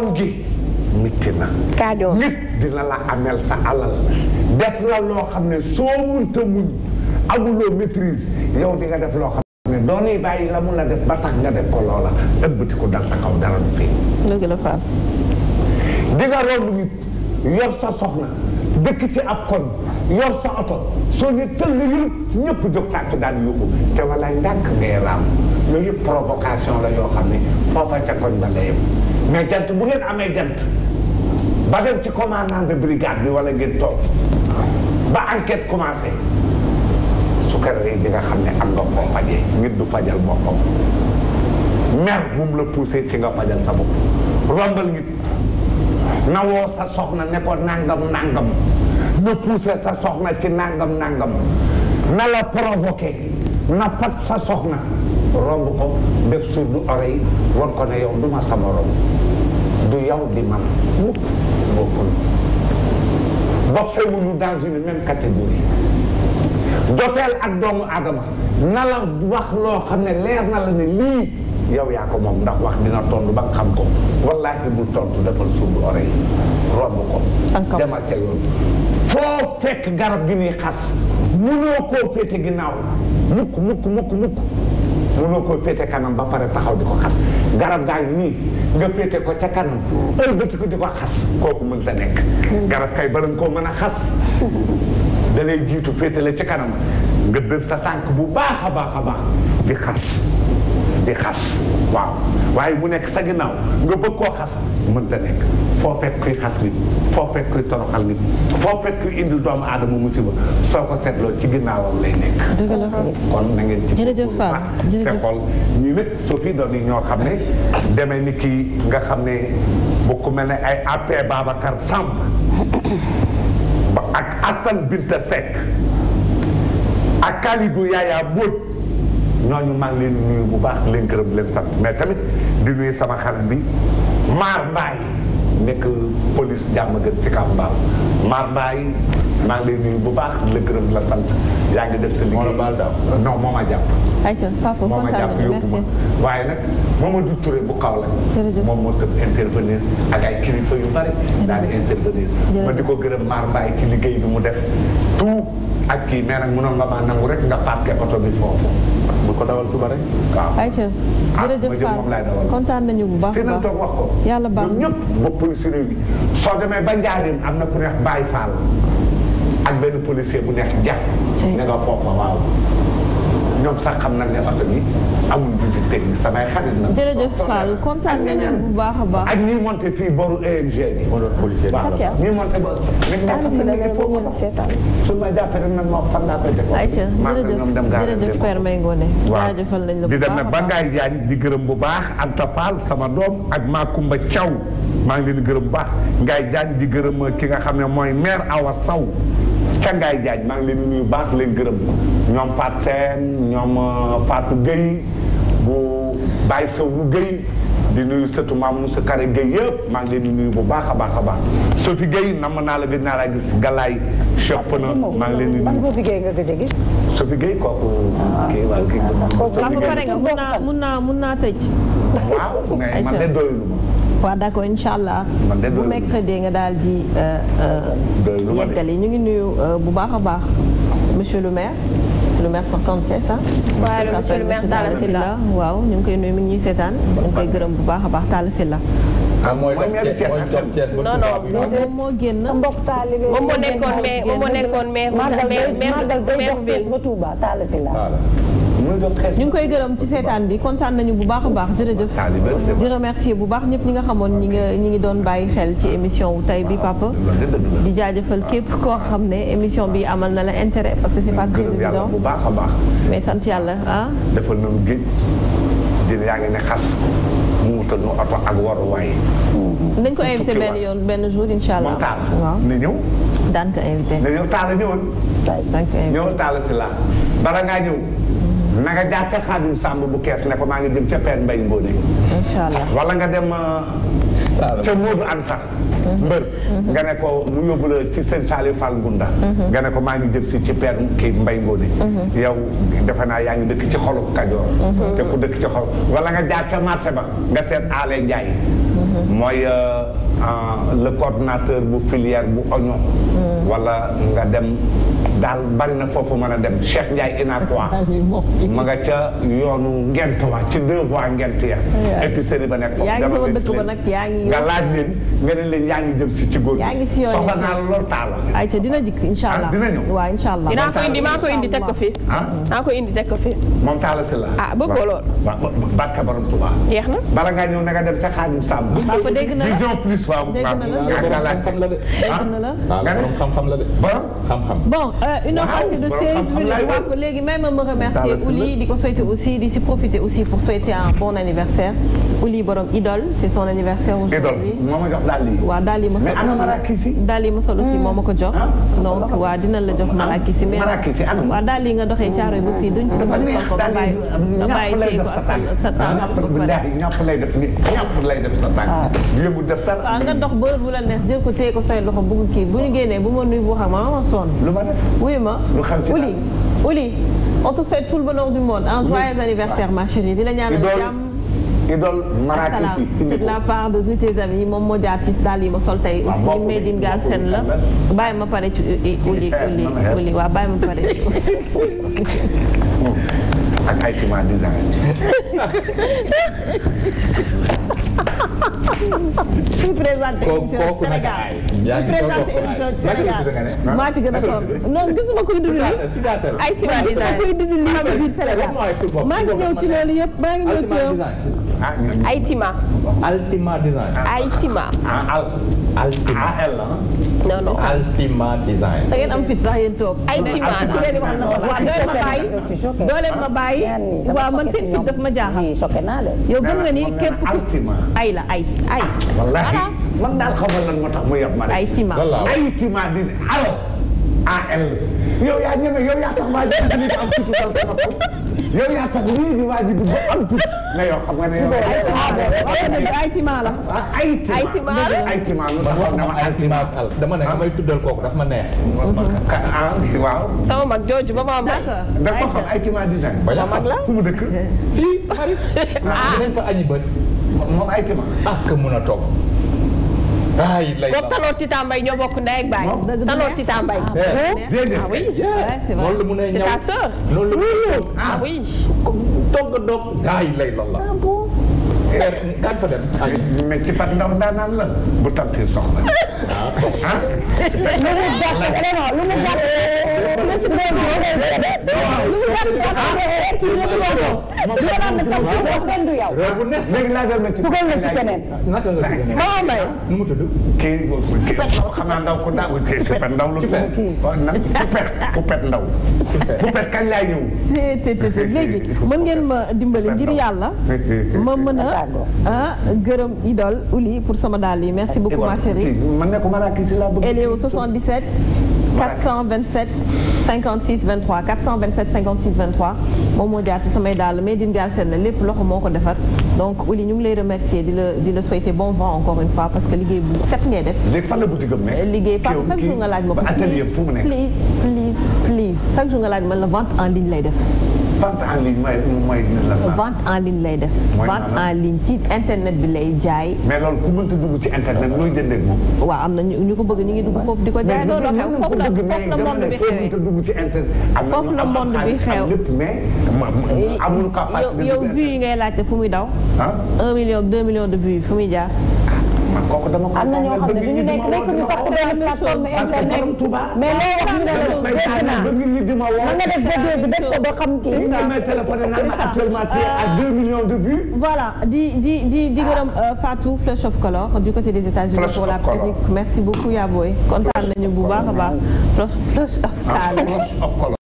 doom gi mitti na kaajoo nit dina la amel sa alal def la xam ne soo munta muñ amuloo maîtrise yow di def loo xam ne doonay bàyyi la mun la def ba tax nga def ko loola ëbbati ko dal sa kaw dara du fii dëgg la faam di sa soxna dëkk ci ab kon yor sa oto soo ne tëll yëpp ñëpp jóg tàkk daal yuuxu te wala ndànk ngay raam yooyu provocation la yoo xam ne foofa ca koñ ba la mais jant bu ngeen amee jant ba dem ci commandant de brigade bi wala ngeen toog ba enquête commencé su ko rey di nga xam ne am nga koo fajee nit du fajal boppam mer bu mu la poussé ci nga fajal sa bopp rombal na woo sa soxna ne ko nangam nangam na sa soxna ci nangam nangam na la provoqué na fat sa soxna romb ko def surdu oreille war ko ne yow du ma sama romb du yow di man mukk bokkul bokkewuñu dans une même catégorie doteel ak doomu aadama na la wax loo xam ne leer na la ne lii yow yaa ko moom ndax wax dina tontu ba nga xam ko wallaahi bu tontu defal surdu oreille romb ko demal ca yoon foo fekk garab gi ni xas mënoo koo féete ginnaaw mukk mukk mukk mukk mënoo ko féete kanam ba pare taxaw di ko xas garab gaa ngi nii nga ko ca kanam ëlbati ko di ko xas ko mën ta nekk garab kay bala nga koo mën a xas da jiitu féete la ca kanam nga dër sa tànk bu baax a baax a baax di xas di xas waaw waaye mu nekk sa ginnaaw nga bëgg koo xas mënta nekk foo fekk xas nit foo fekk kuy toroxal nit foo fekk kuy indil doomu aadama soo ko seetloo ci ginnaawam lay nekk. kon na ngeen ci jërëjëf Pape te ñoo xam ne ni kii nga xam ne bu ku mel ne ay AP Babacar Samb ak Assane Binta Seck ak Kalidou Yaya Mbodj ñooñu maa ngi leen di nuyu bu baax di leen gërëm di leen sant mais tamit di nuyu sama xarit bi Maar Mbaay nekk police jàmm gën si kaw mbaam Maar Mbaay maa ngi lay nuyu bu baax di la gërëm di la sant yaa ngi def sa liggéey. moo la baal daaw non moo ma jàpp. ayca papa kontaan nañu merci moo ma jàpp yóbbu ma waaye nag Mamadou Touré bu kaw la. jërëjëf moom moo tëb intervenir ak ay kilifa yu bari. daal di intervenir. ma di ko gërëm Maar Mbaay ci liggéey bi mu def tout ak kii mais nag mënoon nga maa nangu rek nga parqué oto bi foofu. bu ko dawal suba rek. waaw ayca ah, jërëjëf Fall kontaan nañu bu baax a baax. fi na toog wax ko. yàlla baax ñoom ñëpp bokkuñu si réew mi soo demee ba Njaareem am na ku neex Baye Fall ak benn policier bu neex jàpp. na nga foofa waaw. ñoom sax xam nañ ne oto bi amul visite technique samay xarit na. jërëjëf Fall kontaan nañu bu baax a baax. ak ñi monté fii booru EMG bi. moo doon policier bi ñi monté ba. daanaka da ngay wóor a seetaan. su ma jàppee rek nag ma fan laa koy teg. ayca jërëjëf jërëjëf Père Mbaye Ngoné. waaw di dem nag ba Ngaye Diagne di gërëm bu baax Anta Fall sama doom ak Makumba Thiaw maa ngi leen di gërëm bu baax Ngaye Diagne di gërëm ki nga xam ne mooy maire Awa Sow Caggaay Diagne maa ngi leen di nuyu baax leen gërëm ñoom Fatou Seen ñoom euh, Fatou Gueye bu Baye Sow bu Gueye di nuyu sëtu maam Moussa Kare Gueye yëpp maa ngi leen di nuyu bu baax a baax a baax Sophie Gueye nam naa la gëj naa gis Galaay Cheikh Pena maa ngi leen di nuyu Sophie Gueye nga gëj a kooku ah, kii waa kii mun naa mun tëj waaw mais man de ma waaw d'accord incha allah bu mercredi nga daal di euh, euh, yeggali ñu ngi nuyu euh, bu baax a baax monsieur le maire le maire sortant c'est ça monsieur le maire Talla Sylla waaw ñu ngi koy nuyu mi ngi ñuy seetaan ñu ngi koy gërëm bu baax a baax Talla Sylla ah mooy non non moom moo génn. mbokk taalibe moom moo nekkoon mais moom moo nekkoon mais. magal magal ba Touba Talla Sylla ñu ngi koy gërëm ci seetaan bi kontaan nañu bu baax a baax jërëjëf di remercier bu baax ñëpp ñi nga xamoon ñi nga ñi ngi doon bàyyi xel ci émission wu tay bi papa di jaajëfal képp koo xam ne émission bi amal na la intérêt parce que c'est pas très évident bu baax a baax mais sant yàlla ah defal nañu géej jën yaa ngi ne xas mu nu oto ak waruwaay dañ ko invité yoon benn jour insha allah waaw na ñëw daan ko invité na ñëw la bara ngaa na nga jaar ca xaadim sàmb bu kees ne ko maa ngi jëm ca peen mbay mbóone incha wala nga dem euh, ca Modou Anta mhm. mbër mhm. nga ne ko mu yóbbu la ci sëñ Saliou Fall Ngunda mhm. nga ne ko maa ngi jëm si ci peer ki mbay mbóone yow defe naa yaa ngi dëkk ci xolu Kajoor te ku dëkk ci xol wala nga jaar ca marché ba nga seet Aale Njaay mooy euh, Euh, le coordonnateur bu filière bu oignon. Hmm. wala nga dem daal bari na foofu mën a dem Cheikh Ndiaye Inakwa. ma nga ca yoonu ngent wa ci deux voies ngent ya. épicerie ba nekk foofu dama leen ci leen nga laaj leen leen yaa ngi jëm si ci góor gi. soxla naa lool taal. ayca dina dikk incha ah, allah dina ñëw waaw incha allah. ko indi maa ko indi teg fi. ah naa ko indi teg ko fi. moom taal si la. ah bëggoo lool. waaw barka borom Tuubaa. jeex na bala ngaa ñëw na nga dem ca xaajum sàmm. waaw ah, ah, xam-xam la de. borom xam-xam la de. borom xam-xam. bon euh, une heure passée de 16 minutes léegi may ma ma remercier Ouli di ko souhaiter aussi di si profiter aussi pour souhaiter un bon anniversaire Ouli borom Idole c'est son anniversaire aujourd'hui. moo ma jox daal yi. waaw daal yi ma sol aussi daal yi ma sol aussi moo ma ko jox. Hmm. donc waaw dina la jox marakisi mais waaw daal yi nga doxee caaroy ba fii duñ ci dama sol ko ba bàyyi ba bàyyi téye ko ak sa tànk. Ah, ñàpp lay def sa tànk. ñàpp lay def sa tànk. yëngu def dara waaw nga dox ba bu la neex jël ko téye ko say loxo bëgg kii bu ñu génnee bu ma nuyu boo xam ma sonn. lu ma def wuyu ma. lu xam ci Uli Uli on te souhaite tout le bonheur du monde. un joyeux anniversaire ma chérie di la ñaanal jàmm. idole Marrakech part de tous tes amis moom moo jaar ci daal yi ma sol tey la bàyyi ma pare ci uli uli uli waaw bàyyi ma pare ci that I human designed. maa ci gën a soog non gisuma kuy dund lii ay design maa ngi ñëw ci loolu yëpp maa ngi ñëw ci design. Altima. Ah, ah, Al. Altima Al la. Ah. non non Altima design. da ma bàyyi ñaan nii. waaw man seen fit daf ma jaaxal yii sokke naa leen. yow gëm nga ni képp ku ay la ay ay. wallaahi man daal xaw ma lan moo tax mu yab ma ay tima ay tima di alo al yow yaa ñeme yow yaa tax maa jënd nit am surtout yow yaa tax lii di waa ji du ba am tuuti. mais yow ay timaa la ay timaa la ay timaa la. ay timaa la ne damay tuddal kooku daf ma neex. Ah, ah, waaw. sama mag jooju ma mag. dafa xam ay timaa ma mag la fu mu dëkk. fii Paris. ah dinañ fa añi bés. moom ay timaa. ah que ayilay boobu Tanor Tita Mbaye ñoo bokk ndey ak baay. Tanor Tita Mbaye. ah, eh, ah oui eh, loolu la mu ne ñaw. c'est ta sœur. loolu la mu ne ñaw ah oui. togg doog ayilay lalla. Ah kan fa dem. mais ci pat ndax daanaan la bu tàmtee soxla. Ah. ah lu mu gàtt non lu mu gàtt. lu ci doon ah. lu mu gàtt kii rek yow ko. moom moom du yow. léegi laajal ma ci. dugal na ci keneen. naka nga ci keneen. nu mu tudd. kii xam naa ndaw ku ndaw ci pet ndaw lu tudd. pupet pupet ndaw. pupet kañ laay ñëw. léegi mën ngeen ma dimbali ngir yàlla ma mën a tàggoo. ah gërëm idole Ouli pour sama daal yi merci beaucoup ma chérie. man nekkuma laa kii si laa bëgg. Elio 77. 427 56 23 427 56 23 moom moo jaar ci samay dàll mais din gaal seen na lépp moo ko defar donc Ouli ñu ngi remercier di la di la souhaiter bon vent encore une fois parce que liggéey bu set ngay def. léegi fan la boutique am laaj ma ko. ba atelier fu mu nekk please please ma la vente en ligne lay def. vente en ligne mooy mooy lan vente en ligne lay def. vente en ligne ci internet bi lay jaay. mais loolu ku mënta dugg ci internet nooy jëndee moom. waaw am na ñu ko bëgg ñu ngi dugg foofu di ko jaay. loolu xew foofu la foofu la monde bi xewee dugg ci internet. foofu la monde bi xew mais amul capacité yow vues yi ngay laajte fu muy daw. ah 1 million 2 millions de vues fu muy jaar. kooku dama ko am na ñoo xam ne dañu nekk nekk ñu sax benn plateforme internet mais loo wax ñu ne la dégg naa mën nga def ba à 2 euh, millions de vues. di di di di gërëm euh, Fatou Flash of Color du côté des États-Unis pour la technique merci beaucoup Yaboy kontaan nañu bu baax a baax. Flash of Color.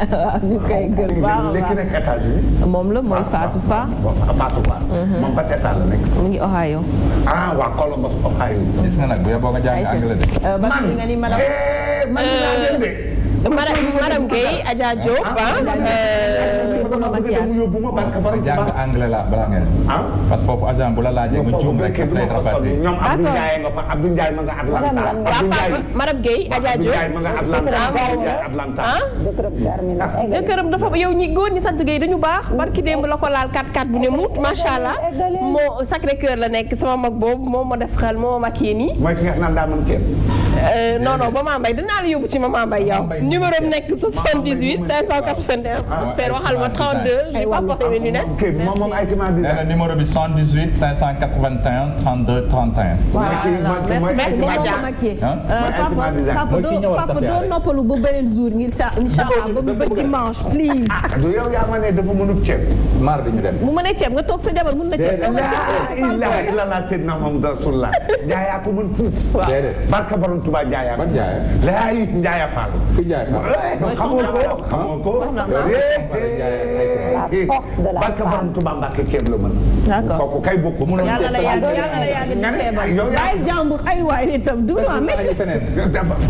ñu koy gën waaw léegi nekk États-Unis moom la mooy Fatou Fa ah, Fatou Fa mhm. moom ba État la nekk mu ngi Ohio ah waa Columbus Ohio gis nga nag bu yeboo nga jàng anglais de euh, man nga ni madame eh, man dinaa dem de Mara Maram Gueye Adja Diop jàng anglais la balaa ngeen. parce que foofu agent bu la laajee nga juum rek lay rapatrié. ñoom Abdou Ndiaye nga fa Abdou ma nga Atlanta. Abdou Ndiaye Maram Gueye Adja Diop ma nga Atlanta. jëkkëram yow ñi góor ñi sant Gueye dañu baax barki démb la ko laal 4-4 bu ne muut macha allah moo Sacré Cœur la nekk sama mag boobu moom ma def xel moo ma nii. ki nga xam ne daa mën ceeb. non non ba maa mbay dinaa la yóbbu ci ma maa mbay yow. numéro bi nekk 78 591. ah waaw waxal ma 32 j'ai pas porté mes lunettes. ok moom moom ay climat bi la numéro bi 78 581 32 31. voilà mooy kii mooy kii mooy papa doo noppalu ba beneen jour ngir sa incha allah ba ba dimanche please. Ah, du yow yaa ma ne dafa mënul ceeb. maar bi ñu dem. mu mënee ceeb nga toog sa jabar mën na ceeb. ilaha illallah sayyidina Muhammad rasulullah. Ndiaye yaa ko mën fuuf. waaw barka borom Tuubaa Ndiaye yaa ko. Ndiaye Ndiaye Fall. Ndiaye xamoo ko xamoo ko. force de la femme borom Tuubaa Mbàkke ceeb la mën. d'accord kooku kay bokk. mu yàlla la yàgg yàlla la yàgg di ceebal. bàyyi jàmbur ay waay itam du ma métti.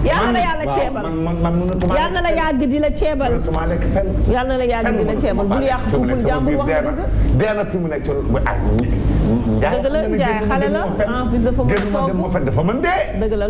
yàlla la yàlla ceebal. yàlla la yàgg di la ceebal. yàlla la yàgg di la ceebal bul yàq ko bul jàmbur wax dëgg. fi mu nekk dëgg la Ndiaye xale la en plus dafa mën toog dëgg la